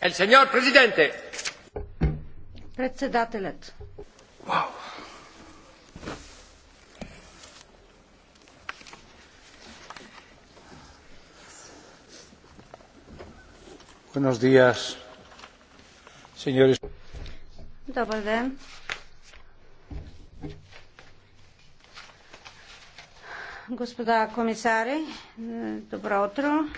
El señor Председателят. Вау! Buenos días, señores. Добър ден. Господа комисари, добро утро.